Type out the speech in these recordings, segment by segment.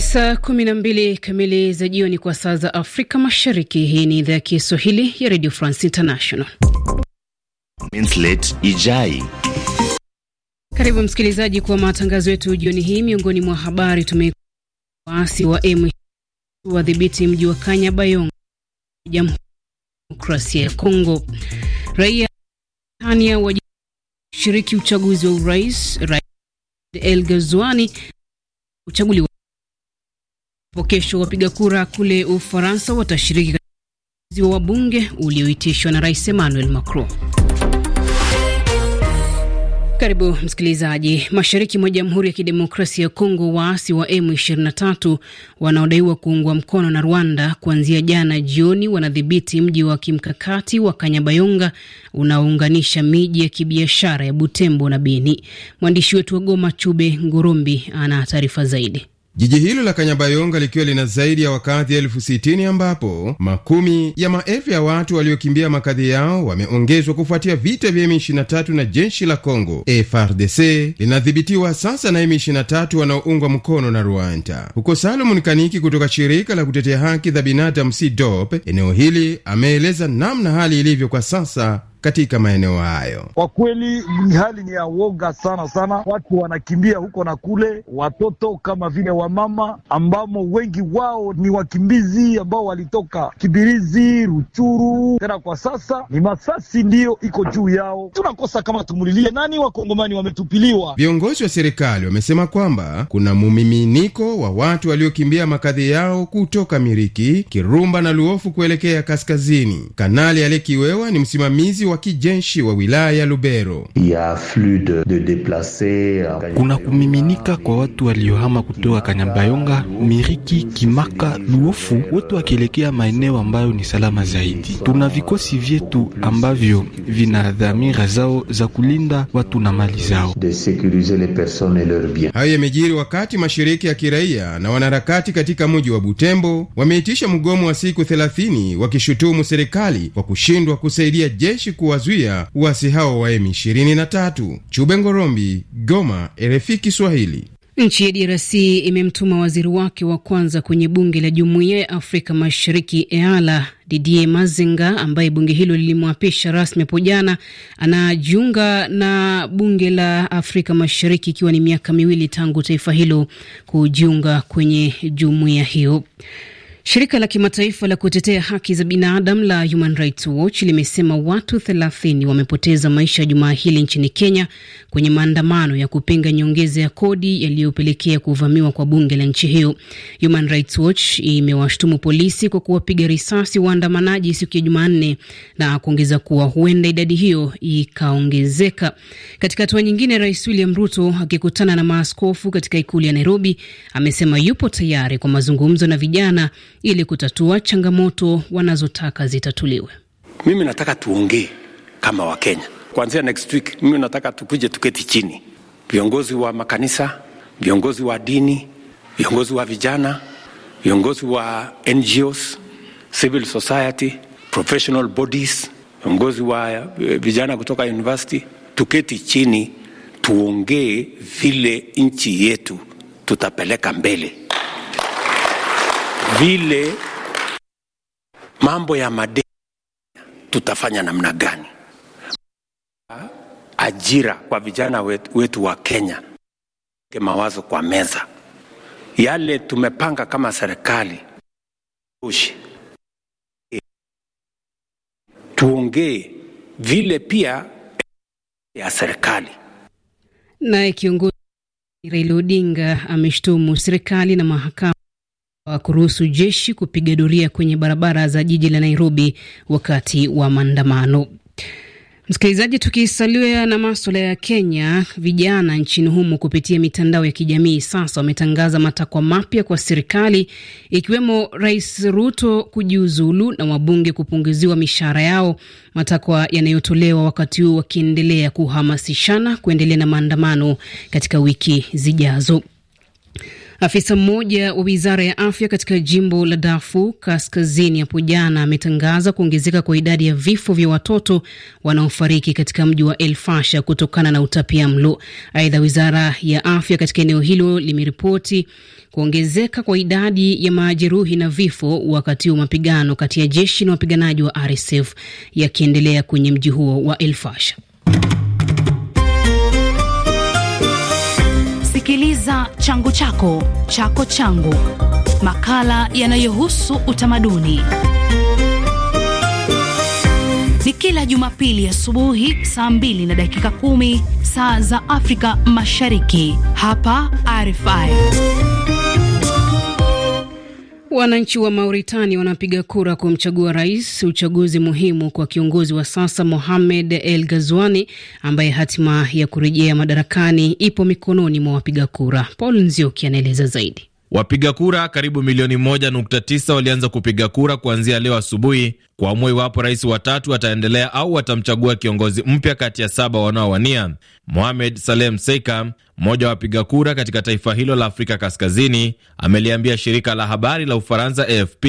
saa kumi na mbili kamili za jioni kwa saa za Afrika Mashariki. Hii ni idhaa ya Kiswahili ya Radio France International. Ijai. Karibu msikilizaji kwa matangazo yetu jioni hii. Miongoni mwa habari tume waasi wa M wadhibiti mji wa Kanyabayonga, Jamhuri ya Demokrasia ya Kongo. Raia Tania washiriki uchaguzi wa urais. Rais El Gazwani uchaguliwa Kesho wapiga kura kule Ufaransa watashiriki katika wa bunge ulioitishwa na Rais Emmanuel Macron. Karibu msikilizaji. Mashariki mwa Jamhuri ya Kidemokrasia ya Kongo, waasi wa M23 wanaodaiwa kuungwa mkono na Rwanda kuanzia jana jioni wanadhibiti mji wa kimkakati wa Kanyabayonga unaounganisha miji ya kibiashara ya Butembo na Beni. Mwandishi wetu wa Goma, Chube Ngurumbi, ana taarifa zaidi. Jiji hilo la Kanyabayonga likiwa lina zaidi ya wakazi elfu sitini ambapo makumi ya maelfu ya watu waliokimbia makazi yao wameongezwa kufuatia vita vya M23 na jeshi la Congo. FRDC linadhibitiwa sasa na M23 wanaoungwa mkono na Rwanda. Huko Salomon Kaniki kutoka shirika la kutetea haki za binadamu CDOP, eneo hili ameeleza namna hali ilivyo kwa sasa katika maeneo hayo. Kwa kweli ni hali ni ya woga sana sana, watu wanakimbia huko na kule, watoto kama vile wamama ambamo wengi wao ni wakimbizi ambao walitoka Kibirizi, Ruchuru, tena kwa sasa ni Masasi ndiyo iko juu yao. Tunakosa kama tumulilie nani, wakongomani wametupiliwa. Viongozi wa serikali wamesema kwamba kuna mumiminiko wa watu waliokimbia makadhi yao kutoka Miriki, Kirumba na Luofu kuelekea kaskazini. Kanali Alekiwewa ni msimamizi wa kijeshi wa wilaya ya Lubero. Euh, Kuna kumiminika kwa watu waliohama kutoka Kanyambayonga, Miriki, Kimaka, Luofu, wote wakielekea maeneo ambayo ni salama zaidi. Tuna vikosi vyetu ambavyo vina dhamira zao za kulinda watu na mali zao. Hayo yamejiri wakati mashirika ya kiraia na wanaharakati katika mji wa Butembo wameitisha mgomo wa siku 30 wakishutumu serikali kwa kushindwa kusaidia jeshi kuwazuia uasi hao wa M23. Chube Ngorombi, Goma, RFI Kiswahili. Nchi ya DRC imemtuma waziri wake wa kwanza kwenye bunge la jumuiya ya Afrika Mashariki, EALA. Didier Mazinga, ambaye bunge hilo lilimwapisha rasmi hapo jana, anajiunga na bunge la Afrika Mashariki ikiwa ni miaka miwili tangu taifa hilo kujiunga kwenye jumuiya hiyo. Shirika la kimataifa la kutetea haki za binadamu la Human Rights Watch limesema watu 30 wamepoteza maisha jumaa hili nchini Kenya kwenye maandamano ya kupinga nyongeza ya kodi yaliyopelekea kuvamiwa kwa bunge la nchi hiyo. Human Rights Watch imewashtumu polisi kwa kuwapiga risasi waandamanaji siku ya Jumanne na kuongeza kuwa huenda idadi hiyo ikaongezeka. Katika hatua nyingine, Rais William Ruto akikutana na maaskofu katika ikulu ya Nairobi amesema yupo tayari kwa mazungumzo na vijana ili kutatua changamoto wanazotaka zitatuliwe. Mimi nataka tuongee kama Wakenya kuanzia next week. Mimi nataka tukuje tuketi chini, viongozi wa makanisa, viongozi wa dini, viongozi wa vijana, viongozi wa NGOs, civil society, professional bodies, viongozi wa eh, vijana kutoka university, tuketi chini tuongee vile nchi yetu tutapeleka mbele vile mambo ya madeni tutafanya namna gani, ajira kwa vijana wetu, wetu wa Kenya, mawazo kwa meza yale tumepanga kama serikali, tuongee vile pia ya serikali. Naye kiongozi Raila Odinga ameshtumu serikali na mahakama wa uh, kuruhusu jeshi kupiga doria kwenye barabara za jiji la Nairobi wakati wa maandamano. Msikilizaji, tukisalia na maswala ya Kenya, vijana nchini humo kupitia mitandao ya kijamii sasa wametangaza matakwa mapya kwa serikali, ikiwemo Rais Ruto kujiuzulu na wabunge kupunguziwa mishahara yao, matakwa yanayotolewa wakati huu wakiendelea kuhamasishana kuendelea na maandamano katika wiki zijazo. Afisa mmoja wa wizara ya afya katika jimbo la Darfur kaskazini hapo jana ametangaza kuongezeka kwa idadi ya vifo vya watoto wanaofariki katika mji wa El Fasha kutokana na utapia mlo. Aidha, wizara ya afya katika eneo hilo limeripoti kuongezeka kwa idadi ya majeruhi na vifo wakati wa mapigano kati ya jeshi na wapiganaji wa RSF yakiendelea kwenye mji huo wa El Sikiliza changu chako chako changu, makala yanayohusu utamaduni ni kila Jumapili asubuhi saa 2 na dakika 10 saa za Afrika Mashariki hapa RFI. Wananchi wa mauritani wanapiga kura kumchagua rais, uchaguzi muhimu kwa kiongozi wa sasa Mohamed El Gazwani ambaye hatima ya kurejea madarakani ipo mikononi mwa wapiga kura. Paul Nzioki anaeleza zaidi. Wapiga kura karibu milioni 1.9 walianza kupiga kura kuanzia leo asubuhi, kuamua iwapo rais watatu ataendelea au watamchagua kiongozi mpya kati ya saba wanaowania. Mohamed Salem Seika, mmoja wa wapiga kura katika taifa hilo la Afrika Kaskazini, ameliambia shirika la habari la Ufaransa AFP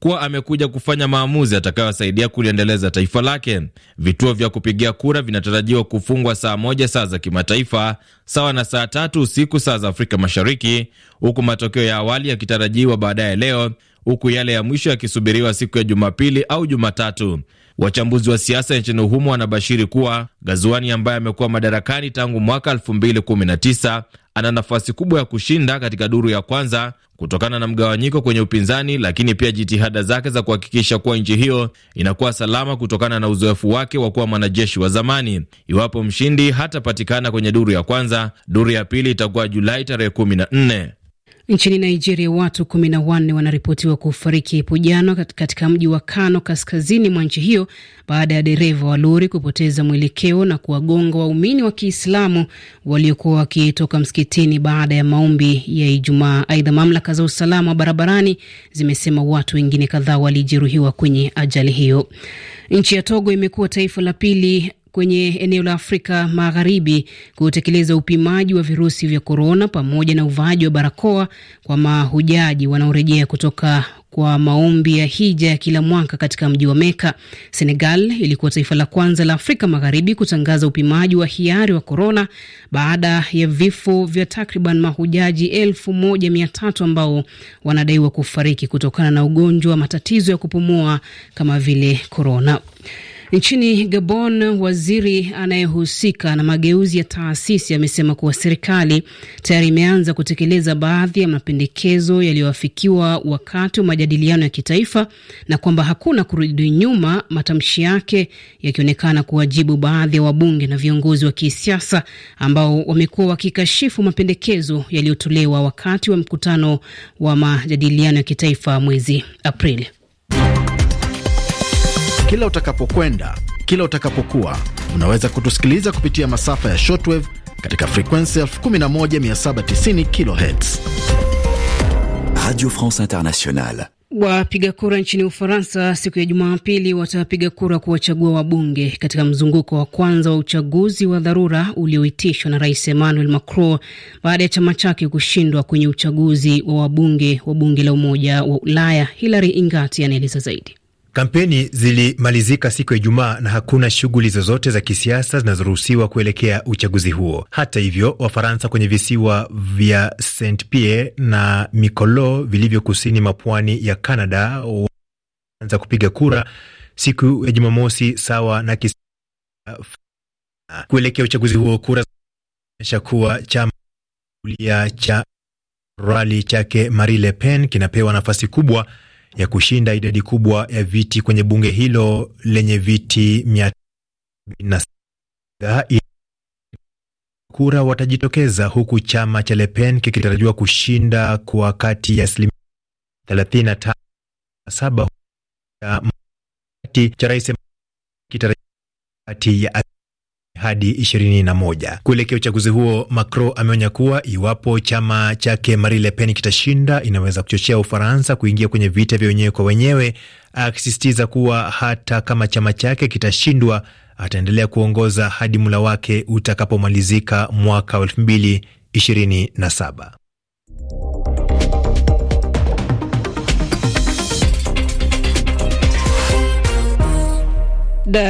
kuwa amekuja kufanya maamuzi atakayowasaidia kuliendeleza taifa lake. Vituo vya kupigia kura vinatarajiwa kufungwa saa moja saa za kimataifa, sawa na saa tatu usiku saa za Afrika Mashariki, huku matokeo ya awali yakitarajiwa baadaye leo huku yale ya mwisho yakisubiriwa siku ya Jumapili au Jumatatu. Wachambuzi wa siasa nchini humo wanabashiri kuwa Gazuani ambaye amekuwa madarakani tangu mwaka 2019 ana nafasi kubwa ya kushinda katika duru ya kwanza kutokana na mgawanyiko kwenye upinzani, lakini pia jitihada zake za kuhakikisha kuwa nchi hiyo inakuwa salama kutokana na uzoefu wake wa kuwa mwanajeshi wa zamani. Iwapo mshindi hatapatikana kwenye duru ya kwanza, duru ya pili itakuwa Julai tarehe 14. Nchini Nigeria, watu kumi na wanne wanaripotiwa kufariki hapo jana katika mji wa Kano, kaskazini mwa nchi hiyo, baada ya dereva wa lori kupoteza mwelekeo na kuwagonga waumini wa Kiislamu waliokuwa wakitoka msikitini baada ya maombi ya Ijumaa. Aidha, mamlaka za usalama wa barabarani zimesema watu wengine kadhaa walijeruhiwa kwenye ajali hiyo. Nchi ya Togo imekuwa taifa la pili kwenye eneo la Afrika Magharibi kutekeleza upimaji wa virusi vya korona pamoja na uvaaji wa barakoa kwa mahujaji wanaorejea kutoka kwa maombi ya hija ya kila mwaka katika mji wa Meka. Senegal ilikuwa taifa la kwanza la Afrika Magharibi kutangaza upimaji wa hiari wa korona baada ya vifo vya takriban mahujaji elfu moja mia tatu ambao wanadaiwa kufariki kutokana na ugonjwa wa matatizo ya kupumua kama vile korona. Nchini Gabon, waziri anayehusika na mageuzi ya taasisi amesema kuwa serikali tayari imeanza kutekeleza baadhi ya mapendekezo yaliyoafikiwa wakati wa majadiliano ya kitaifa na kwamba hakuna kurudi nyuma, matamshi yake yakionekana kuwajibu baadhi ya wabunge na viongozi wa kisiasa ambao wamekuwa wakikashifu mapendekezo yaliyotolewa wakati wa mkutano wa majadiliano ya kitaifa mwezi Aprili kila utakapokwenda, kila utakapokuwa, unaweza kutusikiliza kupitia masafa ya shortwave katika frekwensi 11790 kilohertz. Radio France Internationale. Wapiga kura nchini Ufaransa siku ya Jumapili watapiga kura kuwachagua wabunge katika mzunguko wa kwanza wa uchaguzi wa dharura ulioitishwa na Rais Emmanuel Macron baada ya chama chake kushindwa kwenye uchaguzi wa wabunge wa bunge la Umoja wa Ulaya. Hilary Ingati anaeleza zaidi. Kampeni zilimalizika siku ya Ijumaa na hakuna shughuli zozote za kisiasa zinazoruhusiwa kuelekea uchaguzi huo. Hata hivyo, Wafaransa kwenye visiwa vya St Pierre na Mikolo vilivyo kusini mwa pwani ya Canada waanza kupiga kura siku ya Jumamosi sawa na kis... kuelekea uchaguzi huo. Kura zinaonyesha kuwa chama kulia cha rali chake Marie Le Pen kinapewa nafasi kubwa ya kushinda idadi kubwa ya viti kwenye bunge hilo lenye viti mia kura watajitokeza huku chama cha lepen kikitarajiwa kushinda kwa kati ya asilimia 35 7 kati cha rais kati ya hadi 21. Kuelekea uchaguzi huo, Macron ameonya kuwa iwapo chama chake Marine Le Pen kitashinda, inaweza kuchochea Ufaransa kuingia kwenye vita vya wenyewe kwa wenyewe, akisisitiza kuwa hata kama chama chake kitashindwa ataendelea kuongoza hadi mula wake utakapomalizika mwaka 2027.